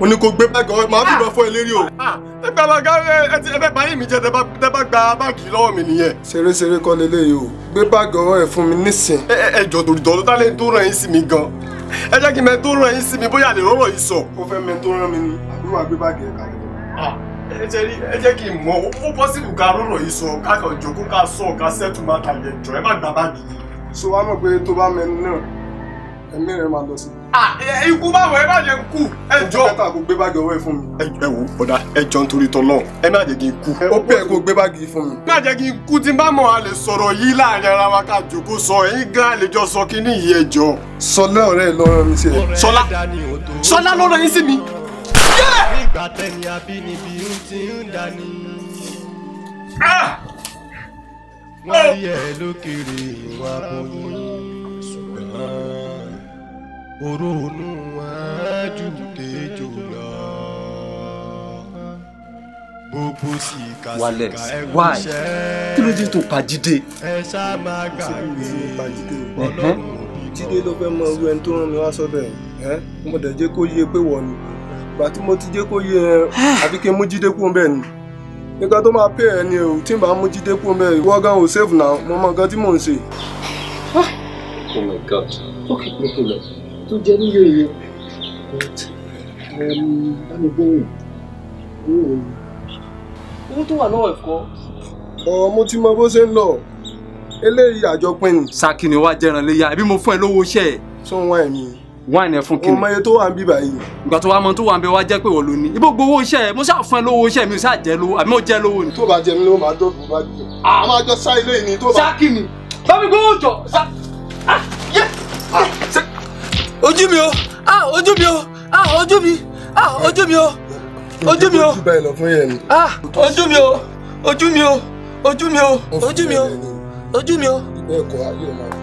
mo ní kó gbé báàgì ọ̀rẹ́ màá fìbọn ah. fún ẹ lérí o. Ah, ẹgbẹ́ alága ẹ ti ẹgbẹ́ báyìí mi jẹ tẹ bá gba báàgì lọ́wọ́ mi nìyẹn. ṣeréṣeré kọ́ lélẹ̀ yìí o gbé báàgì ọ̀rẹ́ ẹ fún mi nísìn. ẹ ẹ jọ dòdò ló dálé tó ràn yín sí mi gan. ẹ jẹ́ kí mẹ tó ràn yín sí mi bóyá lè rọ́rọ̀ yìí sọ. ó fẹ́ mẹ tó ràn mí ni àbí wàá gbé báàgì ẹ kàwé. Ah, ẹ jẹ́ kí n mọ ó bọ́ sínú ká rọ́rọ̀ yìí sọ ká kàn jókòó ká sọ ká sẹ́tù má tàlẹ̀ jọ ẹ má gba báàgì yìí. so wàá mọ̀ pé tó bá mẹ́nu náà ẹ̀mí rẹ̀ máa lọ sí. ikú báwo ẹ bá jẹ́ kú ẹ jọ. ojú kẹta kò gbé báàgì ọwọ́ ẹ fún mi. ẹ wo bọ̀dá ẹ jọ nítorí tọ́lọ́ ẹ má jẹ́ kí n kú. ó bẹ́ẹ̀ kó gbé báàgì fún mi. má jẹ́ kí n kú tí n bá mọ̀ a lè sọ̀rọ̀ yìí láàrin ara wa ká jòkó sọ ẹ̀yìn gan lè jọ sọ kí ní ìyí ẹ jọ. sọlá ọ̀rẹ́ ẹ mi sí ẹ. sọlá sọlá lọ́rọ̀ yín sí mi. Ah! wọ́n oh! rí lókèrè ìwà bóyá ṣùgbọ́n òrónú àájú tẹjọ lọ gbogbo sì kàṣíkà ẹ wáṣẹ kí ló dé tó pa jíde. ẹ ṣá máa gbàgbé ọlọ́run jíde ló fẹ́ mọ irú ẹni tó rán mi wá sọ́dọ̀ ẹ̀ mo dẹ̀ jẹ́ kó yé pé wọ̀ ni ìgbà tí mo ti jẹ́ kó yé ẹ ah. àfi kí n mú jíde kú bẹ́ẹ̀ ni nǹkan tó máa pè ẹ́ ni o tí n bá mú jíde kú bẹ́ẹ̀ ìwọ gan ò save now mo mọ nǹkan tí mò ń ṣe. Ah. oh my god ó kì í pín kí lọ tó jẹ níyọ èèyàn um, bámi gbóhùn gbóhùn. owó tó wà lọ́wọ́ ẹ̀kọ́. ọmọ tí mo bó ṣe ń lọ eléyìí àjọpín ni. sakini wa jẹran léya àbí mo fún ẹ lówó iṣẹ́ ẹ. sọ wọn ẹ mi wáìn ẹ fún kini. ọmọye tó wà ń bí báyìí. ìgbà tó wà mọ tó wà ń bẹ wá jẹ́ pé wọ́n ló ní. ibo gbowó iṣẹ́ mo ṣáà fún ẹ lówó iṣẹ́ mi ò ṣáà jẹ́ lówó àbí mo jẹ́ lówó ni. tó bá jẹ mi ló máa dọ̀bù bá jẹ. a máa sá ilé ìní ah ojú mi o ah ojú mi ah ojú mi o ojú mi o ah ojú mi o ojú mi o ojú mi o ojú mi o ojú mi o.